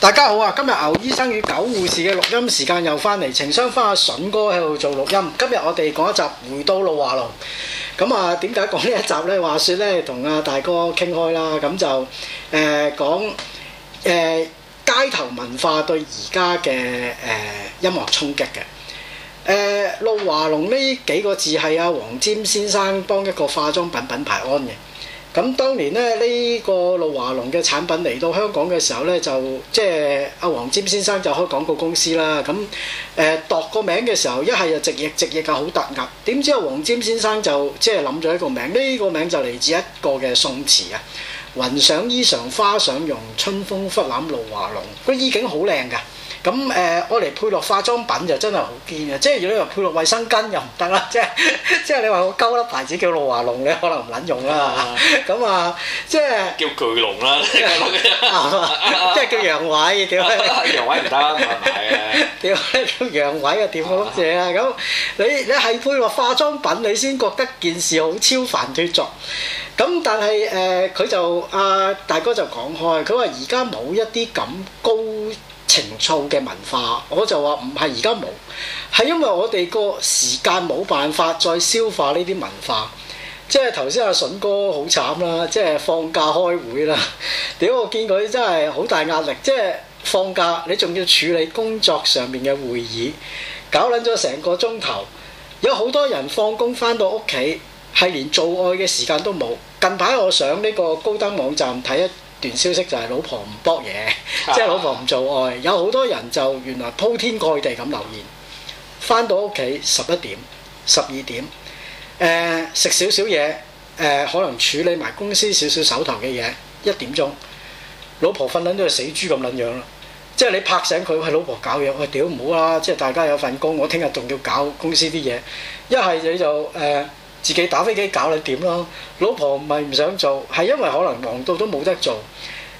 大家好啊！今日牛醫生與狗護士嘅錄音時間又翻嚟，情商翻阿笋哥喺度做錄音。今日我哋講一集《回到路華濃》。咁啊，點解講呢一集呢？話說呢，同阿大哥傾開啦。咁就誒講誒街頭文化對而家嘅誒音樂衝擊嘅。誒、呃，路華濃呢幾個字係阿黃霑先生幫一個化妝品品牌安嘅。咁當年咧，呢、這個路華濃嘅產品嚟到香港嘅時候咧，就即係阿黃霑先生就開廣告公司啦。咁誒，度、呃、個名嘅時候，一係就直譯直譯㗎，好突兀。點知阿黃霑先生就即係諗咗一個名，呢、這個名就嚟自一個嘅宋詞啊：雲想衣裳花想容，春風拂檻路華濃。個意境好靚㗎。咁誒，我嚟、呃、配落化妝品就真係好堅嘅，即係如果你話配落衛生巾又唔得啦，即係即係你話我鳩粒牌子叫路華濃，你可能唔撚用啦。咁啊，即係叫巨龍啦，即係叫陽痿，叫咩 陽痿唔得，係 啊，叫陽痿啊，點好嘢啊？咁你你係配落化妝品，你先覺得件事好超凡脫俗。咁但係誒，佢、呃、就阿、啊、大哥就講開，佢話而家冇一啲咁高。情操嘅文化，我就話唔係而家冇，係因為我哋個時間冇辦法再消化呢啲文化。即係頭先阿笋哥好慘啦，即係放假開會啦，屌我見佢真係好大壓力。即係放假你仲要處理工作上面嘅會議，搞捻咗成個鐘頭，有好多人放工翻到屋企係連做愛嘅時間都冇。近排我上呢個高登網站睇一看。段消息就係老婆唔搏嘢，即係老婆唔做愛，有好多人就原來鋪天蓋地咁留言。翻到屋企十一點、十二點，誒食少少嘢，誒可能處理埋公司少少手頭嘅嘢，一點鐘，老婆瞓緊都係死豬咁撚樣啦。即係你拍醒佢，喂，老婆搞嘢，喂，屌唔好啦！即係大家有份工，我聽日仲要搞公司啲嘢，一係你就誒，呃自己打飛機搞你點咯？老婆唔係唔想做，係因為可能忙到都冇得做。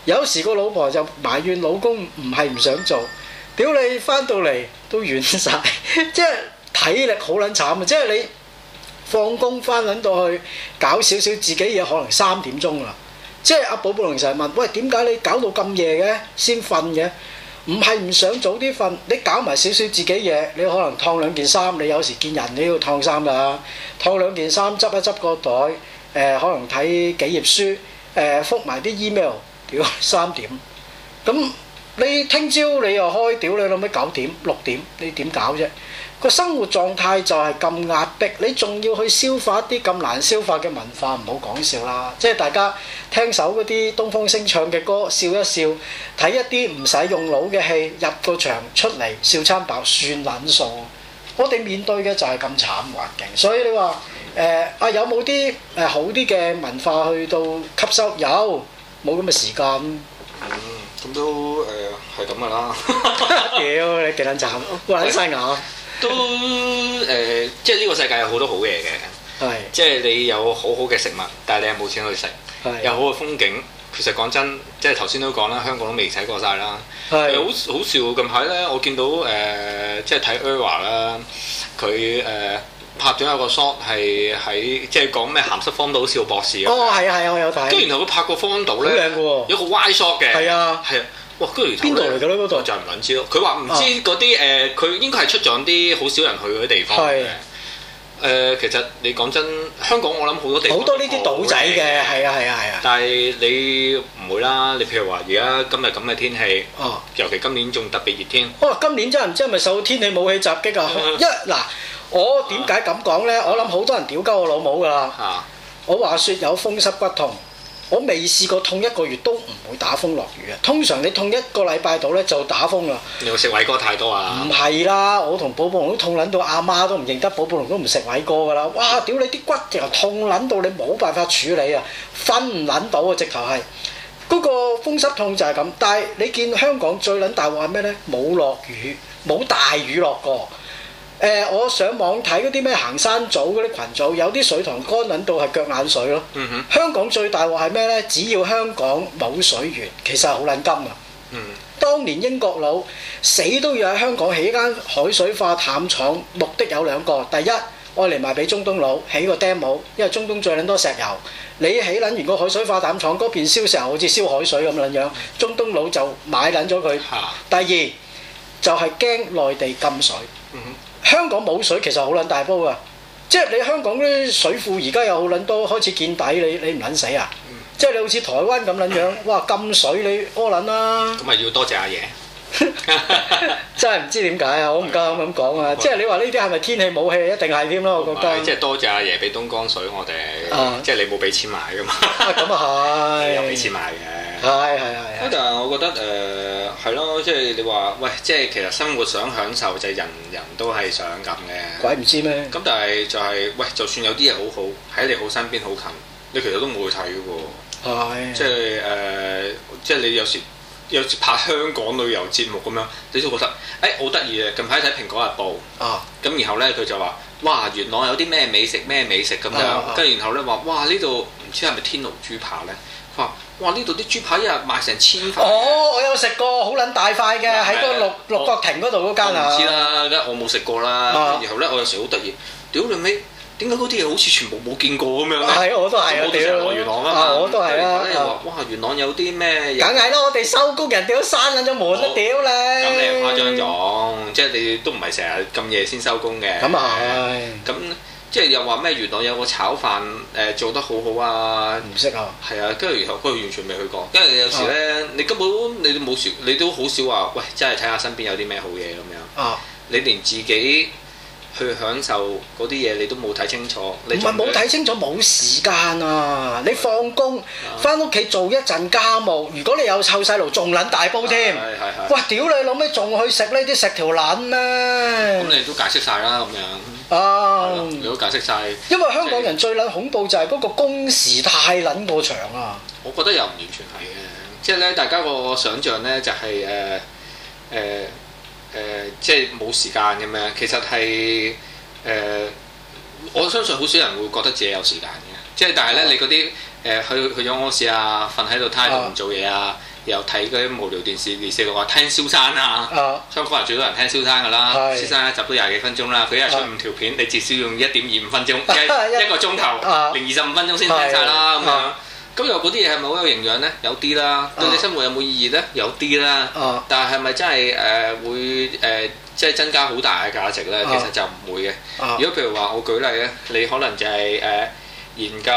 有時個老婆就埋怨老公唔係唔想做，屌你翻到嚟都軟晒。 即係體力好撚慘啊！即係你放工翻撚到去搞少少自己嘢，可能三點鐘啦。即係阿寶寶龍成日問：喂，點解你搞到咁夜嘅先瞓嘅？唔係唔想早啲瞓，你搞埋少少自己嘢，你可能熨兩件衫。你有時見人你都要熨衫㗎。套兩件衫，執一執個袋，誒可能睇幾頁書，誒覆埋啲 email，屌三點。咁你聽朝你又開屌，你老味九點六點？你點搞啫？個生活狀態就係咁壓迫，你仲要去消化一啲咁難消化嘅文化？唔好講笑啦，即係大家聽首嗰啲東風聲唱嘅歌，笑一笑，睇一啲唔使用腦嘅戲，入個場出嚟笑餐飽，算撚數。我哋面對嘅就係咁慘嘅環境，所以你話誒、呃、啊有冇啲誒好啲嘅文化去到吸收？有冇咁嘅時間、嗯？嗯，咁都誒係咁嘅啦。 屌你幾撚慘，喂，你嘥牙都誒，即係呢個世界有好多好嘢嘅，即係的你有好好嘅食物，但係你又冇錢去食，的有好嘅風景。其實講真，即係頭先都講啦，香港都未睇過晒啦。係是、呃、好好笑，呃 ER OR, 呃、好笑，近排咧，我見到誒，即係睇 ERROR 啦，佢誒拍咗一個 shot 係喺即係講咩鹹濕荒島笑博士。哦，係啊，係啊，我有睇。跟住然後佢拍個荒島咧，好靚嘅喎。有個 Y shot 嘅。係啊。係啊。哇！跟住然後邊度嚟㗎咧？嗰度就唔撚知咯。佢話唔知嗰啲誒，佢、啊呃、應該係出咗啲好少人去嗰啲地方嘅。是誒、呃，其實你講真，香港我諗好多地方好多呢啲島仔嘅，係啊，係啊，係啊。但係你唔會啦，你譬如話而家今日咁嘅天氣，哦、尤其今年仲特別熱天。哦，今年真係唔知係咪受天氣武器襲擊啊！嗯、一嗱，我點解咁講咧？啊、我諗好多人屌鳩我老母㗎。啊、我話説有風濕骨痛。我未試過痛一個月都唔會打風落雨啊！通常你痛一個禮拜到咧就打風啦。你會食偉哥太多啊？唔係啦，我同寶寶龍都痛撚到阿媽都唔認得，寶寶龍都唔食偉哥㗎啦。哇！屌你啲骨頭痛撚到你冇辦法處理啊，瞓唔撚到啊，直頭係嗰個風濕痛就係咁。但係你見香港最撚大鑊係咩呢？冇落雨，冇大雨落過。誒，我上網睇嗰啲咩行山組嗰啲羣組，有啲水塘乾撚到係腳眼水咯。香港最大鑊係咩呢？只要香港冇水源，其實係好撚金啊！嗯，當年英國佬死都要喺香港起間海水化淡廠，目的有兩個。第一，愛嚟賣俾中東佬，起個釘帽，因為中東最撚多石油。你起撚完個海水化淡廠嗰邊燒石油，好似燒海水咁撚樣，中東佬就買撚咗佢。第二，就係驚內地禁水。香港冇水其實好撚大煲啊！即係你香港啲水庫而家又好撚多開始見底，你你唔撚死啊？嗯、即係你好似台灣咁撚樣，哇！禁水你屙撚啦！咁咪、嗯、要多謝,謝阿爺， 真係唔知點解啊！我唔敢咁講啊！即係的你話呢啲係咪天氣武器，一定係添咯，我覺得。即係多謝,謝阿爺俾東江水我哋，嗯、即係你冇俾錢買噶嘛？咁 啊係， 有俾錢買嘅。係係係，但係我覺得誒，係咯，即係你話喂，即係其實生活想享受就係人人都係想咁嘅。鬼唔知咩？咁但係就係喂，就算有啲嘢好好喺你好身邊好近，你其實都冇去睇嘅喎。即係誒，即係你有時有時拍香港旅遊節目咁樣，你都覺得誒好得意啊！近排睇《蘋果日報》啊，咁然後咧佢就話：哇，元朗有啲咩美食咩美食咁樣，跟住然後咧話：哇呢度唔知係咪天奴豬扒咧？哇！呢度啲豬排一日賣成千塊。哦，我有食過，好撚大塊嘅，喺個的六我六角亭嗰度嗰間啊。知啦，梗我冇食過啦。然後咧，我有時好得意，屌你尾，點解嗰啲嘢好似全部冇見過咁樣咧？係啊，我，我都係。我哋成日來元朗嘛啊。我都係啦。啊、又話哇，元朗有啲咩？梗係咯，我哋收工人屌山咁咗門冇都屌你。咁、哦、你唔誇張咗？即係你都唔係成日咁夜先收工嘅。咁、係、啊。咁。即係又話咩？元朗有個炒飯誒做得好好啊！唔識啊，係啊，跟住然後佢完全未去過。因為有時咧，啊、你根本你都冇時，你都好少話。喂，真係睇下身邊有啲咩好嘢咁樣。啊，你連自己去享受嗰啲嘢，你都冇睇清楚。你唔係冇睇清楚，冇時間啊！你放工翻屋企做一陣家務，如果你有臭細路，仲撚大煲添。係係係。喂，屌你老咩？仲去食呢啲食條撚咩？咁你都解釋晒啦，咁樣。啊！你都解釋晒，因為香港人最撚恐怖就係嗰個工時太撚過長啊！我覺得又唔完全係嘅，即係咧，大家個想像咧就係誒誒誒，即係冇時間咁樣。其實係誒、呃，我相信好少人會覺得自己有時間嘅，即係但係咧，哦、你嗰啲誒去去咗屙屎啊，瞓喺度癱都唔做嘢啊！呃呃呃又睇嗰啲無聊電視電視台，聽蕭生啊，香港人最多人聽蕭生噶啦。蕭生一集都廿幾分鐘啦，佢一日出五條片，你至少用一點二五分鐘，一個鐘頭，零二十五分鐘先聽晒啦咁樣。咁又嗰啲嘢係咪好有營養呢？有啲啦，對你生活有冇意義呢？有啲啦，但係係咪真係誒會誒即係增加好大嘅價值呢？其實就唔會嘅。如果譬如話我舉例咧，你可能就係誒研究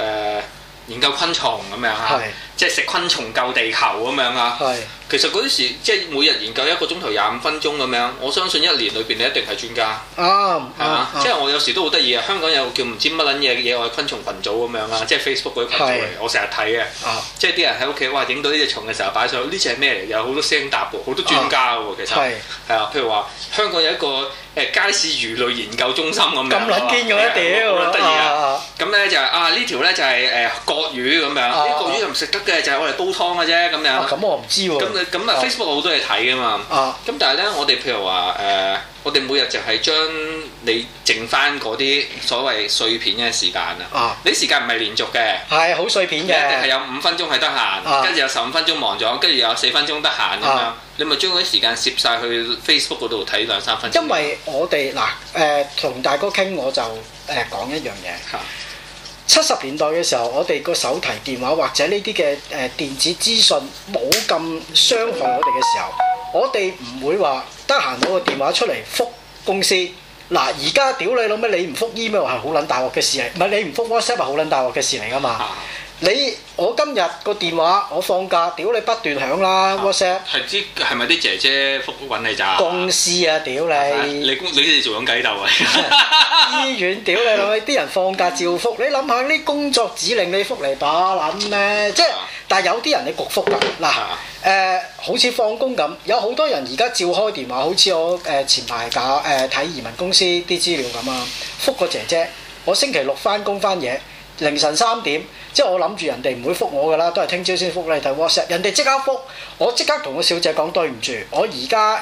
誒研究昆蟲咁樣嚇。即係食昆蟲救地球咁樣啊！係其實嗰啲時即係每日研究一個鐘頭廿五分鐘咁樣，我相信一年裏邊你一定係專家啊！係嘛？即係我有時都好得意啊！香港有叫唔知乜撚嘢嘢嘅昆蟲群組咁樣啊。即係 Facebook 嗰啲群組嚟，我成日睇嘅。即係啲人喺屋企哇，影到呢隻蟲嘅時候擺上，呢隻係咩嚟？有好多聲答噃，好多專家喎，其實係啊。譬如話香港有一個誒街市魚類研究中心咁。咁撚堅㗎屌！好得意啊！咁咧就啊呢條咧就係誒國魚咁樣，呢國魚又唔食得。嘅就係我哋煲湯嘅啫，咁樣。咁、啊、我唔知喎、欸。咁咁 face 啊，Facebook 好多嘢睇噶嘛。啊。咁但係咧，我哋譬如話誒、呃，我哋每日就係將你剩翻嗰啲所謂碎片嘅時間啊。啊。你時間唔係連續嘅。係好、哎、碎片嘅。一定係有五分鐘係得閒，跟住、啊、有十五分鐘忙咗，跟住有四分鐘得閒咁樣。啊、你咪將嗰啲時間攝晒去 Facebook 嗰度睇兩三分鐘。因為我哋嗱誒同大哥傾，我就誒講一樣嘢。啊七十年代嘅時候，我哋個手提電話或者呢啲嘅誒電子資訊冇咁傷害我哋嘅時候，我哋唔會話得閒攞個電話出嚟覆公司。嗱，而家屌你老母，你唔覆 email 係好撚大鑊嘅事嚟，唔係你唔覆 WhatsApp 係好撚大鑊嘅事嚟㗎嘛！你我今日個電話，我放假，屌你不斷響啦！WhatsApp 係啲係咪啲姐姐覆揾你咋，啊？公司啊，屌你，你！你你哋做緊雞竇啊？ 醫院屌你，啲人放假照覆。你諗下啲工作指令你覆嚟把撚咩？即係，但係有啲人你焗覆㗎。嗱、呃、誒，好似放工咁，有好多人而家照開電話，好似我誒前排搞誒睇移民公司啲資料咁啊，覆個姐姐，我星期六翻工翻嘢。凌晨三點，即係我諗住人哋唔會復我㗎啦，都係聽朝先復你睇 WhatsApp。就是、WhatsApp, 人哋即刻復，我即刻同個小姐講對唔住，我而家誒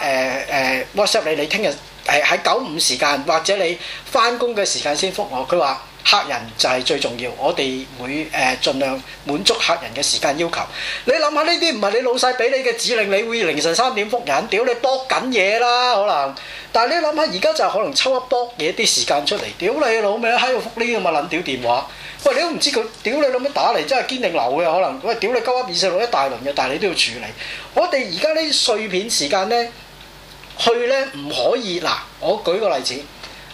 誒 WhatsApp 你，你聽日誒喺九五時間或者你翻工嘅時間先復我。佢話客人就係最重要，我哋會誒、呃、盡量滿足客人嘅時間要求。你諗下呢啲唔係你老細俾你嘅指令，你會凌晨三點復人？屌你卜緊嘢啦，可能。但係你諗下，而家就可能抽一卜嘢啲時間出嚟，屌你老味，喺度復呢啲咁嘅撚屌電話。喂，你都唔知佢屌你老咩打嚟，真係堅定流嘅可能。喂，屌你鳩噏二四六一大輪嘅，但係你都要處理。我哋而家呢碎片時間呢，去呢唔可以嗱。我舉個例子，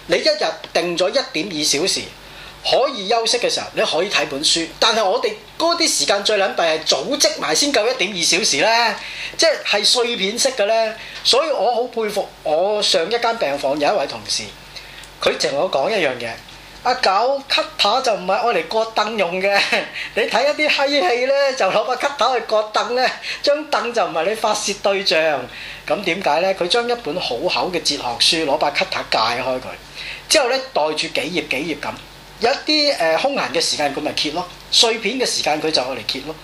你一日定咗一點二小時，可以休息嘅時候，你可以睇本書。但係我哋嗰啲時間最撚弊係組織埋先夠一點二小時呢，即係碎片式嘅呢。所以我好佩服，我上一間病房有一位同事，佢同我講一樣嘢。阿狗 cutter 就唔係愛嚟割凳用嘅， 你睇一啲嬉戲咧，就攞把 cutter 去割凳咧，將凳就唔係你發洩對象。咁點解咧？佢將一本好厚嘅哲學書攞把 cutter 界開佢，之後咧袋住幾頁幾頁咁，有一啲誒、呃、空閒嘅時間佢咪揭咯，碎片嘅時間佢就愛嚟揭咯。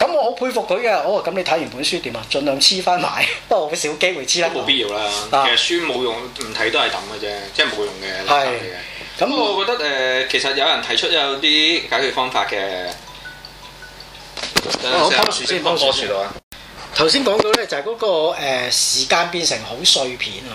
咁我好佩服佢嘅、啊。哦，咁你睇完本書點啊？盡量黐翻埋，不過少機會黐啦。冇必要啦，啊、其實書冇用，唔睇都係等嘅啫，即係冇用嘅。係的。的咁、嗯、我覺得誒、呃，其實有人提出有啲解決方法嘅。我講、嗯、先，講樹啊。頭先講到咧，就係嗰、那個誒、呃、時間變成好碎片咯。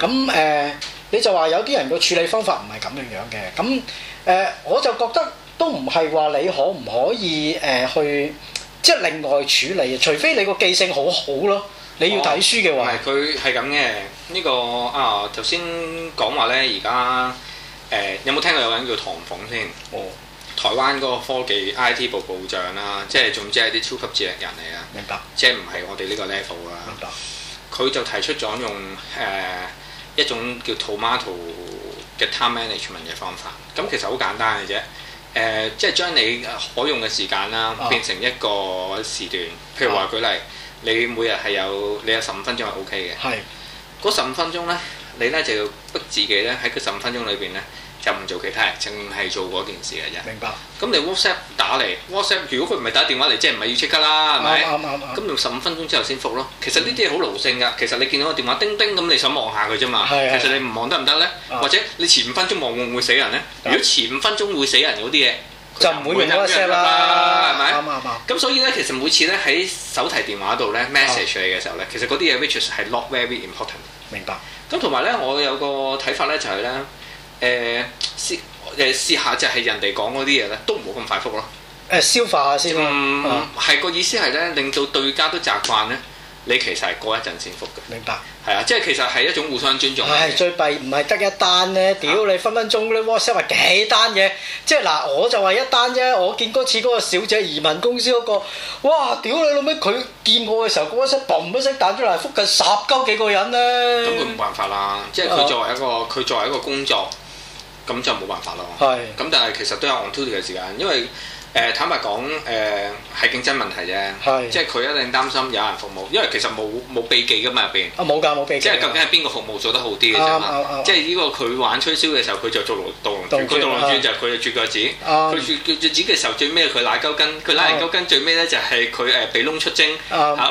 咁誒、嗯哼呃，你就話有啲人個處理方法唔係咁樣樣嘅。咁誒、呃，我就覺得都唔係話你可唔可以誒、呃、去，即係另外處理，除非你個記性好好咯。你要睇書嘅話，唔係佢係咁嘅呢個啊！頭先講話咧，而家。誒、呃、有冇聽過有人叫唐鳳先？哦，台灣嗰個科技 IT 部部長啦、啊，即係總之係啲超級智力人嚟啊！明白，即係唔係我哋呢個 level 啊？明白，佢就提出咗用誒、呃、一種叫 tomato 嘅 time management 嘅方法，咁其實好簡單嘅啫。誒、呃，即係將你可用嘅時間啦，啊、變成一個時段。譬如話舉例，啊、你每日係有你有十五分鐘係 OK 嘅。係是，嗰十五分鐘咧。你咧就要逼自己咧喺佢十五分鐘裏邊咧就唔做其他，淨係做嗰件事嘅啫。明白。咁你 WhatsApp 打嚟，WhatsApp 如果佢唔係打電話嚟，即係唔係要即刻啦，係咪、嗯？咁用十五分鐘之後先覆咯。其實呢啲係好勞性㗎。其實你見到個電話叮叮咁，你想望下佢啫嘛。嗯、其實你唔望得唔得咧？嗯、或者你前五分鐘望會唔會死人咧？嗯、如果前五分鐘會死人嗰啲嘢。就唔會亂咗聲啦，係咪、啊？咁、啊啊啊、所以咧，其實每次咧喺手提電話度咧、啊、message 你嘅時候咧，其實嗰啲嘢 which is 係 not very important。明白。咁同埋咧，我有個睇法咧，就係、是、咧，誒試誒試下就係人哋講嗰啲嘢咧，都唔好咁快覆咯。誒、啊、消化下先。嗯，係個、嗯、意思係咧，令到對家都習慣咧。你其實係過一陣先覆嘅，明白？係啊，即係其實係一種互相尊重唉。係最弊唔係得一單咧，屌你分分鐘啲 WhatsApp 話幾單嘢。即係嗱，我就話一單啫。我見嗰次嗰個小姐移民公司嗰、嗰個，哇屌你老味！佢見我嘅時候，嗰一聲嘣一聲彈出嚟，覆緊十鳩幾個人咧。咁佢冇辦法啦，即係佢作為一個佢、啊、作為一個工作，咁就冇辦法咯。係的。咁但係其實都有 on duty 嘅時間，因為。誒坦白講，誒係競爭問題啫，即係佢一定擔心有人服務，因為其實冇冇秘技噶嘛，入邊。啊冇㗎，冇秘。即係究竟係邊個服務做得好啲嘅啫嘛？即係呢個佢玩吹簫嘅時候，佢就做龍盜，佢盜龍轉就係佢嘅啜腳趾。佢啜腳啜嘅時候，最尾佢拉鳩筋。佢拉鳩筋最尾咧，就係佢誒鼻窿出精。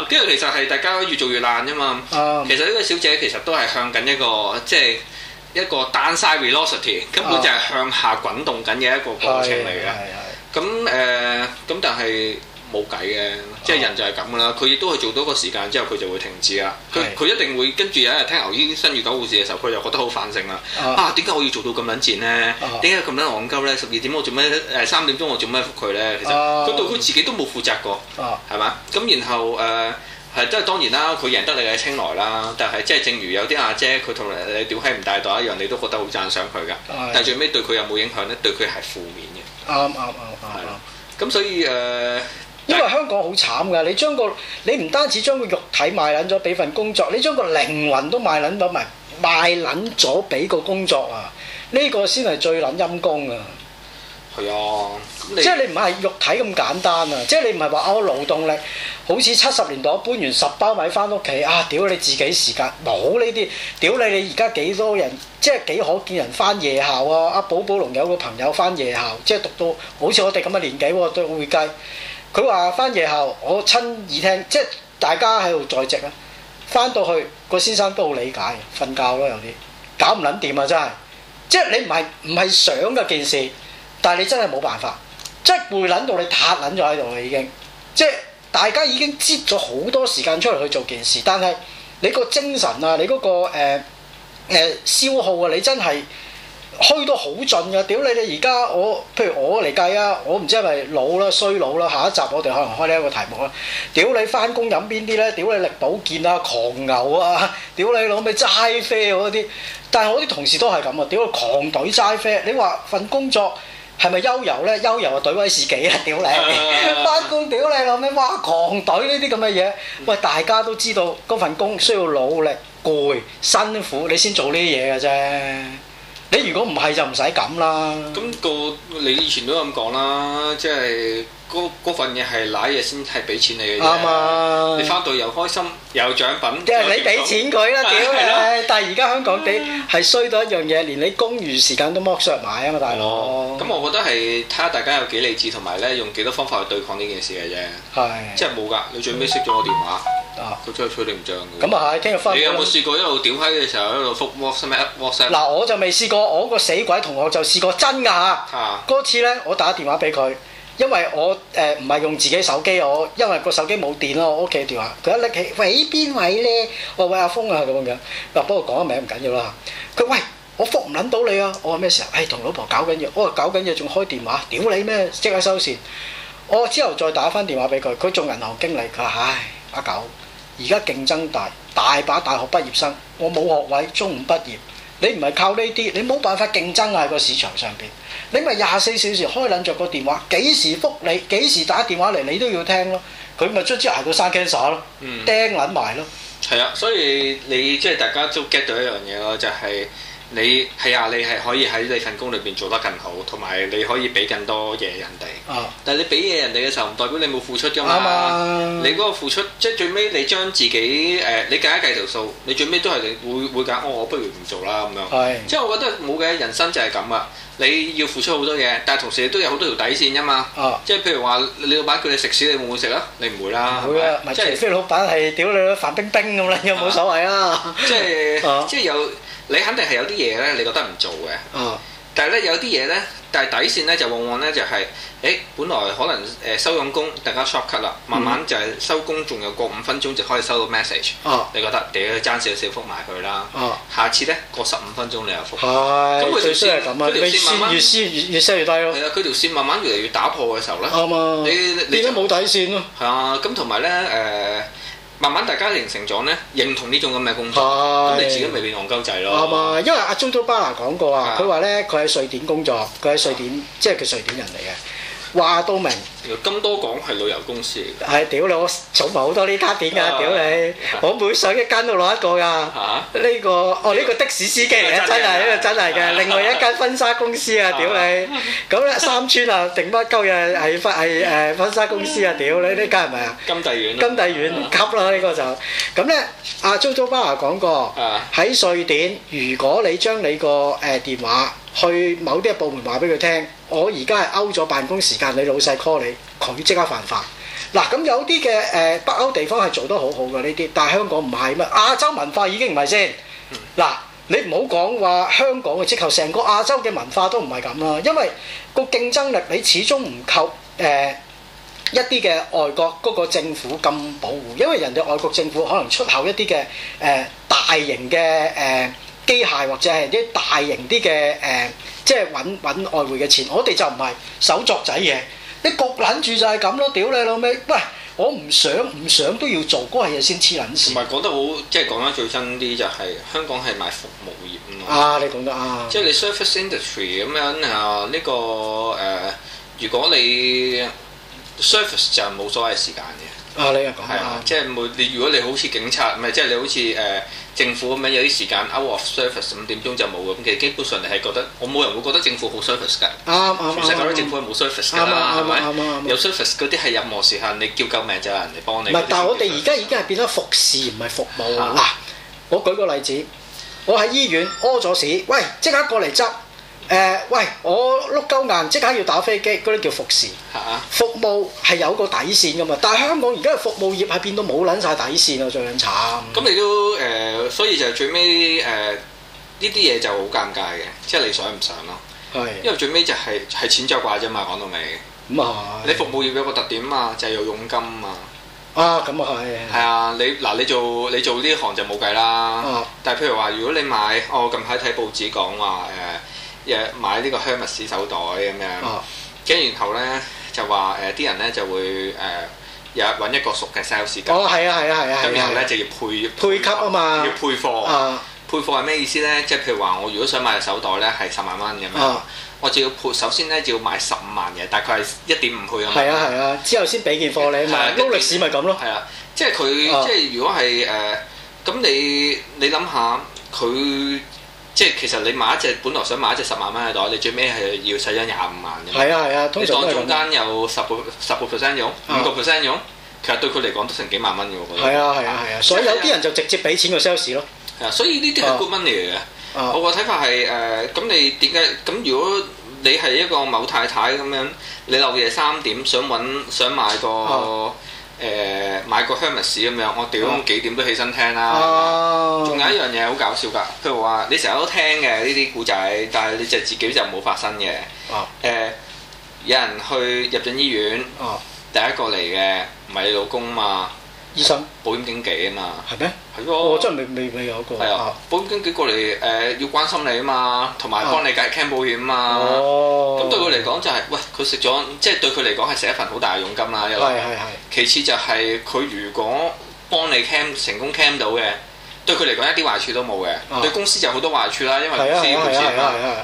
跟住其實係大家越做越爛啫嘛。其實呢個小姐其實都係向緊一個即係一個 downside velocity，根本就係向下滾動緊嘅一個過程嚟嘅。咁誒，咁、嗯嗯、但係冇計嘅，即係、啊、人就係咁噶啦。佢亦都係做到個時間之後，佢就會停止啦。佢佢是一定會跟住有一日聽牛醫生與狗護士嘅時候，佢就覺得好反省啦。啊，點解、啊、我要做到咁撚賤呢？點解咁撚戇鳩呢？十二點我做咩？三點鐘我做咩復佢呢？其實佢對佢自己都冇負責過，係嘛、啊？咁然後誒係都係當然啦，佢贏得你嘅青睞啦。但係即係正如有啲阿姐，佢同你屌閪唔帶袋一樣，你都覺得好讚賞佢噶。是但係最尾對佢有冇影響呢？對佢係負面。啱啱啱啱，咁所以誒，呃、因為香港好慘噶，你將個你唔單止將個肉體賣撚咗，俾份工作，你將個靈魂都賣撚咗埋，賣撚咗俾個工作啊，呢、呢個先係最撚陰功啊！係啊，即係你唔係肉體咁簡單啊！即係你唔係話攞勞動力，好似七十年代搬完十包米翻屋企啊！屌你自己時間冇呢啲，屌你你而家幾多人即係幾可見人翻夜校啊？阿寶寶龍有個朋友翻夜校，即係讀到好似我哋咁嘅年紀喎，讀會計。佢話翻夜校，我親耳聽，即係大家喺度在席啊。翻到去個先生都好理解，瞓覺咯有啲搞唔撚掂啊！真係，即係你唔係唔係想嘅件事。但係你真係冇辦法，即係會撚到你撻撚咗喺度你已經，即係大家已經擠咗好多時間出嚟去做件事，但係你個精神啊，你嗰、那個誒、呃呃、消耗啊，你真係虛到好盡㗎、啊！屌你你而家我，譬如我嚟計啊，我唔知係咪老啦衰老啦，下一集我哋可能開呢一個題目啦。屌你返工飲邊啲咧？屌你力保健啊，狂牛啊，屌你老味齋啡嗰啲。但係我啲同事都係咁啊，屌佢狂隊齋啡，你話份工作？係咪悠遊呢？悠遊啊，懟威士忌啊，屌你！返工屌你啦咩？哇，狂懟呢啲咁嘅嘢！喂，大家都知道嗰份工需要努力、攰、辛苦，你先做呢啲嘢嘅啫。你如果唔係就唔使咁啦。咁、嗯，那個你以前都有咁講啦，即係嗰份嘢係瀨嘢先係俾錢你嘅。啱啊！你返到又開心又獎品。即係你俾錢佢啦，屌！但係而家香港地係、啊、衰到一樣嘢，連你工餘時間都剝削埋啊嘛，大佬。咁、嗯、我覺得係睇下大家有幾理智，同埋咧用幾多方法去對抗呢件事嘅啫。係是。即係冇㗎，你最尾熄咗個電話。啊！佢吹吹你唔漲咁啊係，聽日翻。你有冇試過一路屌閪嘅時候喺度復 WhatsApp？嗱，我就未試過，我個死鬼同學就試過真㗎嚇。嗰、啊、次咧，我打電話俾佢，因為我誒唔係用自己手機，我因為個手機冇電咯，屋企嘅電話。佢一拎起，喂邊位咧？我話喂阿峰啊咁樣。嗱，不過講名唔緊要啦佢喂，我復唔撚到你啊！我話咩時候、啊？唉，同老婆搞緊嘢。我話搞緊嘢仲開電話？屌你咩？即刻收線。我之後再打翻電話俾佢，佢做銀行經理，佢話唉，阿狗。而家競爭大，大把大學畢業生，我冇學位，中五畢業，你唔係靠呢啲，你冇辦法競爭喺個市場上邊。你咪廿四小時開撚着個電話，幾時復你，幾時打電話嚟，你都要聽咯。佢咪卒之捱到生 cancer 咯，釘撚埋咯。係啊，所以你即係大家都 get 到一樣嘢咯，就係。你係啊！你係可以喺你份工裏邊做得更好，同埋你可以俾更多嘢人哋。啊！但係你俾嘢人哋嘅時候，唔代表你冇付出噶嘛。啱啊！你嗰個付出，即係最尾你將自己誒，你計一計條數，你最尾都係你會會揀哦，我不如唔做啦咁樣。係。即係我覺得冇嘅，人生就係咁啊！你要付出好多嘢，但係同時你都有好多條底線噶嘛。啊！即係譬如話，你老闆叫你食屎，你會唔會食啊？你唔會啦，係咪？即係除非老闆係屌你咯，范冰冰咁啦，有冇所謂啊？即係，即係有。你肯定係有啲嘢咧，你覺得唔做嘅。哦，但係咧有啲嘢咧，但係底線咧就往往咧就係，誒，本來可能誒收緊工大家 short cut 啦，慢慢就係收工仲有個五分鐘就可以收到 message。哦，你覺得屌爭少少覆埋佢啦。下次咧過十五分鐘你又覆。咁佢條線佢條線越撕越越撕越低咯。係啊，佢條線慢慢越嚟越打破嘅時候咧。啱啊。你變咗冇底線咯。係啊。咁同埋咧誒。慢慢大家形成咗咧，認同呢種咁嘅工作，咁的你自己未變戇鳩仔咯？係咪？因為阿 Zubair 講過啊，佢話咧，佢喺瑞典工作，佢喺瑞典，啊、即係佢瑞典人嚟嘅。話都明，金多港係旅遊公司嚟㗎。係，屌你，我儲埋好多呢卡片㗎，屌你！我每上一間都攞一個㗎。嚇？呢個哦，呢個的士司機嚟嘅，真係呢個真係嘅。另外一間婚紗公司啊，屌你！咁咧三村啊，頂不鳩嘅係婚係誒婚紗公司啊，屌你呢間係咪啊？金帝苑。金帝苑，急啦呢個就。咁咧，阿祖祖巴華講過，喺瑞典，如果你將你個誒電話去某啲嘅部門話俾佢聽。我而家係勾咗辦公時間，你老細 call 你，佢即刻犯法。嗱，咁有啲嘅誒北歐地方係做得好好㗎，呢啲，但係香港唔係吖嘛？亞洲文化已經唔係先。嗱、嗯，你唔好講話香港嘅，即係成個亞洲嘅文化都唔係咁啦，因為個競爭力你始終唔及誒一啲嘅外國嗰個政府咁保護，因為人哋外國政府可能出口一啲嘅誒大型嘅誒、呃、機械或者係啲大型啲嘅誒。呃即係揾揾外匯嘅錢，我哋就唔係手作仔嘢，你焗撚住就係咁咯，屌你老味！喂，我唔想唔想都要做，嗰嘢先黐撚線。唔係講得好，即係講得最真啲就係、是、香港係賣服務業啊嘛。啊，你講得啱。即係你 service industry 咁樣啊，呢、這個誒、呃，如果你 service 就冇所謂時間嘅。啊，你又講啊？啊，即係冇你，如果你好似警察，唔係即係你好似誒。呃政府咁樣有啲時間 out of service，五點鐘就冇咁嘅。基本上你係覺得，我冇人會覺得政府好 service 㗎。啱啱成日覺得政府係冇 service 㗎嘛，係咪？啱啱啱。有 service 嗰啲係任何時限，你叫救命就有人嚟幫你。唔係是，但係我哋而家已經係變咗服侍唔係服務。嗱、啊，啊、我舉個例子，我喺醫院屙咗屎，喂，即刻過嚟執。誒、欸、喂！我碌鳩眼即刻要打飛機，嗰啲叫服侍。嚇、啊、服務係有個底線噶嘛，但係香港而家嘅服務業係變到冇撚晒底線啊，最撚慘。咁你都誒、呃，所以就係最尾誒呢啲嘢就好尷尬嘅，即、就、係、是、你想唔想咯？係、啊。因為最尾就係、是、係錢就啩啫嘛，講到尾。咁啊、嗯、是你服務業有個特點啊嘛，就係、是、有佣金啊嘛。啊，咁啊係。係啊，你嗱、呃，你做你做呢行就冇計啦。啊、但係譬如話，如果你買，我近排睇報紙講話誒。呃嗯誒買呢個香蜜斯手袋咁樣，跟住，然後咧就話誒啲人咧就會誒有揾一個熟嘅 sales。哦，係啊，係啊，係啊，咁然後咧就要配配給啊嘛，要配貨。配貨係咩意思咧？即係譬如話，我如果想買隻手袋咧，係十萬蚊咁樣，我就要配首先咧就要買十五萬嘅，大概係一點五倍啊嘛。係啊，係啊，之後先俾件貨你啊嘛。撈歷史咪咁咯。係啊，即係佢即係如果係誒咁你你諗下佢。即係其實你買一隻，本來想買一隻十萬蚊嘅袋，你最尾係要使咗廿五萬。係啊係啊，通常都係，你當中間有十個十個 percent 佣，五個 percent 佣，啊、其實對佢嚟講都成幾萬蚊嘅喎。係啊係啊係啊，啊，所以有啲人就直接俾錢個 sales 咯。係啊，所以呢啲係 good money 嚟嘅。我個睇法係誒，咁、呃、你點解？咁如果你係一個某太太咁樣，你漏夜三點想揾想買個。啊誒、呃、買個 Hermes 咁樣，我調幾點都起身聽啦。仲、啊、吧有一樣嘢好搞笑㗎，佢話你成日都聽嘅呢啲故仔，但係你就自己就冇發生嘅。誒、啊呃，有人去入咗醫院，第一個嚟嘅唔係你老公嘛？醫生，保險經紀是、哦、啊嘛，係咩？係喎，我真係未未未有過。係啊，保險經紀過嚟，誒，要關心你啊嘛，同埋幫你計 claim 保險啊。咁、哦、對佢嚟講就係、是，喂，佢食咗，即、就、係、是、對佢嚟講係食一份好大嘅佣金啦。係係係。是是是，其次就係佢如果幫你 claim 成功 claim 到嘅。對佢嚟講一啲壞處都冇嘅，對公司就好多壞處啦，因為公司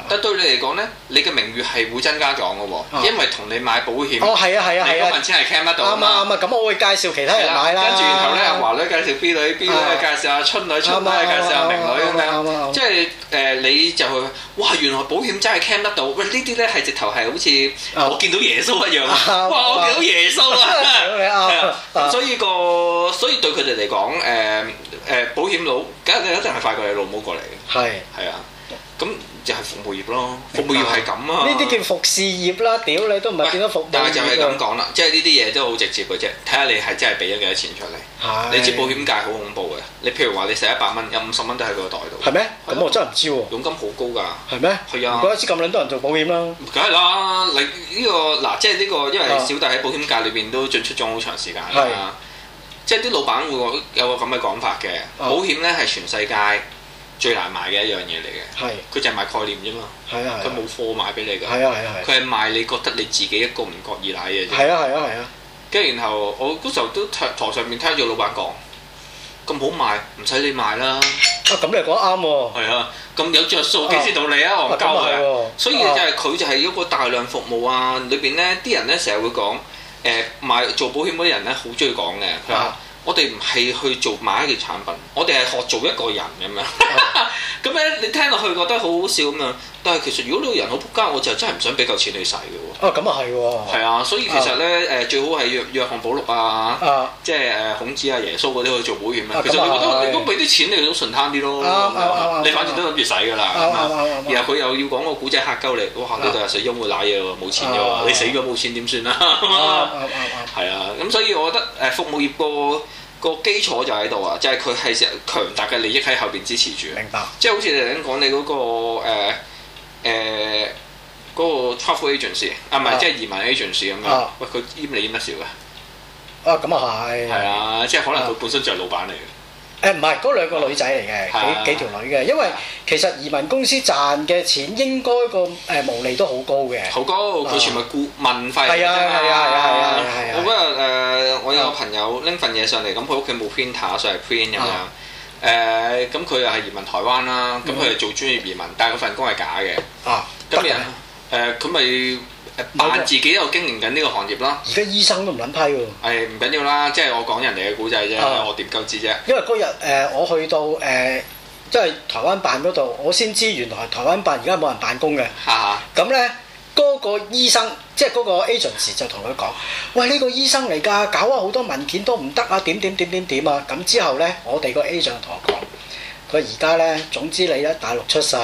但對你嚟講咧，你嘅名譽係會增加咗嘅喎，因為同你買保險，哦係啊係啊，你份錢係 can 得到，咁我會介紹其他人買啦，跟住然後咧華女介紹 B 女，B 女介紹阿春女，春女介紹明女咁樣，即係誒你就哇原來保險真係 can 得到，喂呢啲咧係直頭係好似我見到耶穌一樣，哇我見到耶穌啊，所以個所以對佢哋嚟講誒誒保險梗一定係快過你老母過嚟嘅，係係是啊，咁就係服務業咯，服務業係咁啊，呢啲叫服侍業啦，屌你都唔係見到服。但係就係咁講啦，即係呢啲嘢都好直接嘅啫，睇下你係真係俾咗幾多錢出嚟。是你知保險界好恐怖嘅，你譬如話你使一百蚊，有五十蚊都喺個袋度。係咩嗎？咁、啊、我真係唔知喎、啊。佣金好高㗎。係咩嗎？係啊。唔怪得知咁撚多人做保險啦。梗係啦，你呢、這個嗱，即係呢、這個因為小弟喺保險界裏邊都進出咗好長時間啦。啊。即係啲老闆會有個咁嘅講法嘅，啊、保險咧係全世界最難賣嘅一樣嘢嚟嘅。係是，佢就係賣概念啫嘛。係啊，佢冇貨賣俾你㗎。係啊係啊係。佢係、啊、賣你覺得你自己一個唔覺意嚟嘅。係啊係啊係啊。跟住、啊啊、然後我嗰時候都台上面聽住老闆講，咁好賣唔使你賣啦。咁、啊、你講得啱喎。啊，咁有着數幾時到你啊？我教佢。所以就係佢就係一個大量服務啊，裏邊咧啲人咧成日會講。誒賣、呃、做保險嗰啲人咧，好中意講嘅，佢話、啊：我哋唔係去做買一件產品，我哋係學做一個人咁樣 的。咁樣，你聽落去覺得好好笑咁樣。但係其實如果你個人好仆街，我就真係唔想俾夠錢你使嘅喎。咁啊係喎。係啊，所以其實咧，誒最好係約約翰保祿啊，即係誒孔子啊、耶穌嗰啲去做保險啊。其實你覺得你俾啲錢，你都順攤啲咯。你反正都諗住使㗎啦。然後佢又要講個古仔嚇鳩你，哇！到第日死咗會賴嘢喎，冇錢嘅喎，你死咗冇錢點算啊啊啊！係啊，咁所以我覺得誒服務業個個基礎就喺度啊，即係佢係強大嘅利益喺後邊支持住。明白。即係好似頭先講你嗰個誒誒嗰、呃那個 travel agency 啊，唔係即係移民 agency 咁嘅、嗯，喂佢閹你閹得少㗎？啊咁啊係。係啊，即係可能佢本身就係老闆嚟嘅。誒唔係嗰兩個女仔嚟嘅，啊、幾幾條女嘅，因為其實移民公司賺嘅錢應該個誒毛利都好高嘅。好高，佢全部顧問費嚟㗎嘛。係啊係啊係啊！我嗰日誒，我有個朋友拎份嘢上嚟，咁佢屋企冇 printer，上嚟 print 咁樣。誒咁佢又係移民台灣啦，咁佢係做專業移民，嗯、但係份工係假嘅。啊，今日誒佢咪扮自己又喺度經營緊呢個行業咯。而家醫生都唔允批喎。欸、係唔緊要啦，即、就、係、是、我講人哋嘅古仔啫，的我點鳩知啫？因為嗰日誒、呃、我去到誒即係台灣辦嗰度，我先知原來台灣辦而家冇人辦公嘅。吓、啊？咁咧。嗰個醫生即係嗰個 agent 就同佢講：喂，呢、這個醫生嚟㗎，搞咗好多文件都唔得啊，點點點點點啊！咁之後呢，我哋個 agent 就同我講：佢話而家呢，總之你呢大陸出世，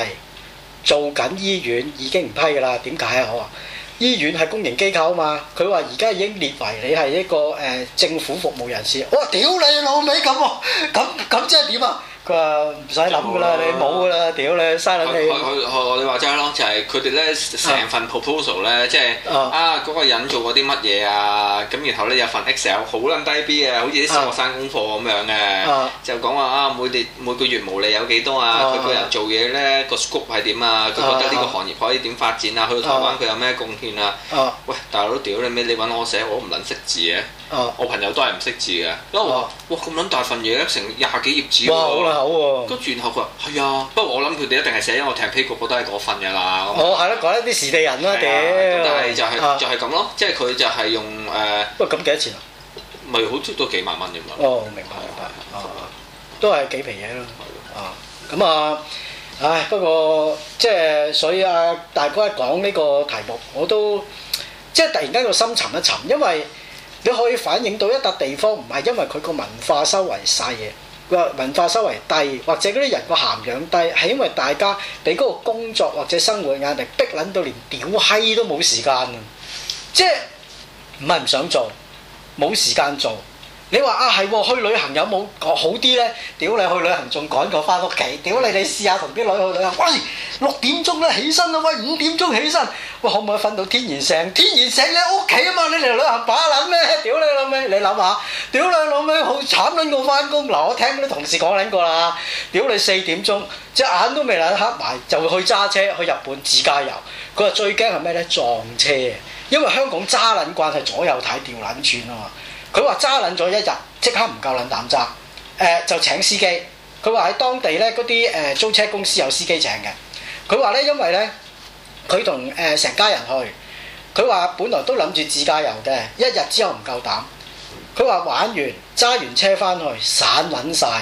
做緊醫院已經唔批㗎啦。點解啊？我話醫院係公營機構啊嘛。佢話而家已經列為你係一個誒、呃、政府服務人士。我話屌你老味咁喎，咁咁即係點啊？唔使諗噶啦，你冇噶啦，屌你，嘥你佢佢佢，你話齋咯，就係佢哋咧成份 proposal 咧，即係啊嗰個人做過啲乜嘢啊？咁然後咧有份 excel 好撚低 b 啊，好似啲小學生功課咁樣嘅，就講話啊每列每個月毛利有幾多啊？佢個人做嘢咧個 scope 係點啊？佢覺得呢個行業可以點發展啊？去到台灣佢有咩貢獻啊？喂，大佬屌你咩？你揾我寫，我唔撚識字嘅。我朋友都係唔識字嘅，咁我哇，咁撚大份嘢，成廿幾頁紙喎，好難考喎。咁轉頭佢話：係啊，不過我諗佢哋一定係寫因為踢皮，個個都係嗰份㗎啦。我係咯，講一啲時地人啦屌。咁但係就係就係咁咯，即係佢就係用誒，不過，咁幾多錢啊？咪好似都幾萬蚊咁樣。哦，明白明白，都係幾皮嘢咯。啊，咁啊，唉，不過即係所以啊，大哥一講呢個題目，我都即係突然間個心沉一沉，因為。你可以反映到一笪地方唔係因為佢個文化修為細，或文化修為低，或者嗰啲人個涵養低，係因為大家俾嗰個工作或者生活嘅壓力逼撚到連屌閪都冇時間啊！即係唔係唔想做，冇時間做。你話啊係喎，哦，去旅行有冇個好啲呢？屌你去旅行仲趕過翻屋企，屌你你試下同啲女去旅行，喂六點鐘咧起身啊，喂五點鐘起身，喂可唔可以瞓到天然醒？天然醒咧？你屋企啊嘛，你嚟旅行把撚咩？屌你老味，你諗下，屌你老味好慘撚過翻工。嗱我聽啲同事講撚過啦，屌你，你，你，你四點鐘隻眼都未能黑埋就會去揸車去日本自駕遊，佢話最驚係咩呢？撞車，因為香港揸撚慣係左右睇吊撚轉啊嘛。佢話揸撚咗一日，即刻唔夠撚膽揸，誒就請司機。佢話喺當地咧，嗰啲誒租車公司有司機請嘅。佢話咧，因為咧，佢同誒成家人去。佢話本來都諗住自駕遊嘅，一日之後唔夠膽。佢話玩完揸完車翻去散撚晒。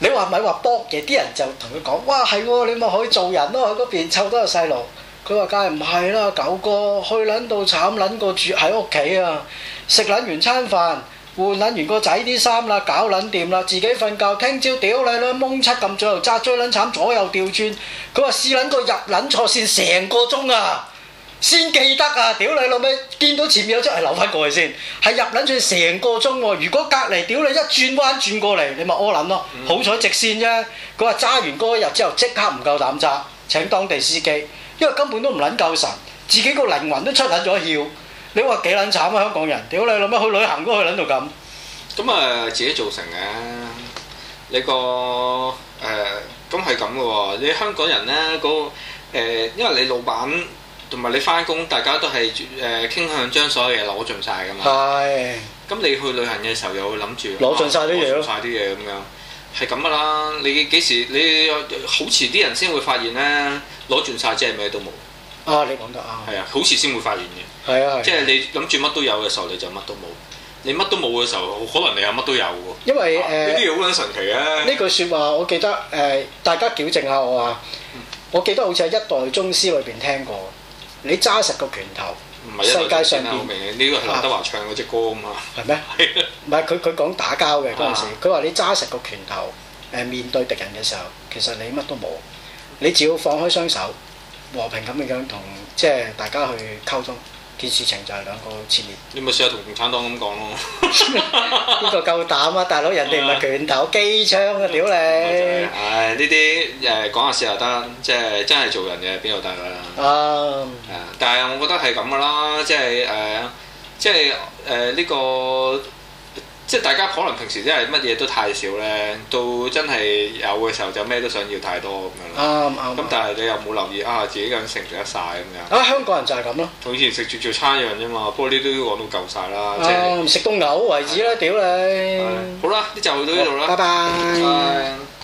你話咪話搏嘅？啲人就同佢講：哇，係喎，你咪可以做人咯，喺嗰邊湊多個細路。佢話：梗係唔係啦，九哥去撚到慘撚過住喺屋企啊！食撚完餐飯，換撚完個仔啲衫啦，搞撚掂啦，自己瞓覺。聽朝屌你啦，蒙七咁左右，揸追撚慘，左右掉轉。佢話試撚個入撚錯線成個鐘啊，先記得啊！屌你老味，見到前面有車，係扭翻過去先。係入撚轉成個鐘喎，如果隔離屌你一轉彎轉過嚟，你咪屙撚咯。Mm. 好彩直線啫。佢話揸完嗰一日之後即刻唔夠膽揸，請當地司機，因為根本都唔撚夠神，自己個靈魂都出撚咗竅。你話幾撚慘啊？香港人，屌你諗乜去旅行都去撚到咁。咁啊、呃，自己造成嘅。你個誒，咁係咁嘅喎。你香港人咧，嗰、那、誒、個呃，因為你老闆同埋你翻工，大家都係誒、呃、傾向將所有嘢攞盡晒㗎嘛。係是。咁你去旅行嘅時候又會諗住攞盡晒啲嘢咯，攞盡晒啲嘢咁樣，係咁嘅啦。你幾時你好遲啲人先會發現咧？攞盡晒即係咩都冇。啊，你講得啱。係啊，好遲先會發現嘅。係啊，啊即係你諗住乜都有嘅時候，你就乜都冇。你乜都冇嘅時候，可能你有乜都有喎。因為誒呢啲嘢好鬼神奇嘅、啊。呢、呃、句説話我記得誒、呃，大家矯正下我啊。嗯、我記得好似喺一代宗師裏邊聽過。你揸實個拳頭，唔係、世界上邊呢、啊、個係劉德華唱嗰隻歌啊嘛。係咩嗎？唔係，佢佢講打交嘅嗰陣時，佢話、啊、你揸實個拳頭誒、呃，面對敵人嘅時候，其實你乜都冇，你只要放開雙手和平咁嘅樣同即係大家去溝通。件事情就係兩個次面。你咪試下同共產黨咁講咯，呢 個夠膽啊，大佬？人哋唔係拳頭機槍啊，屌你、 就是！唉、哎，呢啲誒講下笑下得，即係真係做人嘅邊度得啊？係啊、嗯，但係我覺得係咁噶啦，即係誒、哎，即係誒呢個。即係大家可能平時真係乜嘢都太少咧，到真係有嘅時候就咩都想要太多咁樣啦。啱啱、啊。咁、嗯嗯、但係你又冇留意啊，自己咁食唔食得晒咁樣。啊，香港人就係咁咯。同以前食住住餐樣啫嘛，不過呢啲我都講到夠晒啦。即啊，食到嘔為止啦，啊、屌你！好啦，呢就去到呢度啦。好拜拜。拜拜拜拜。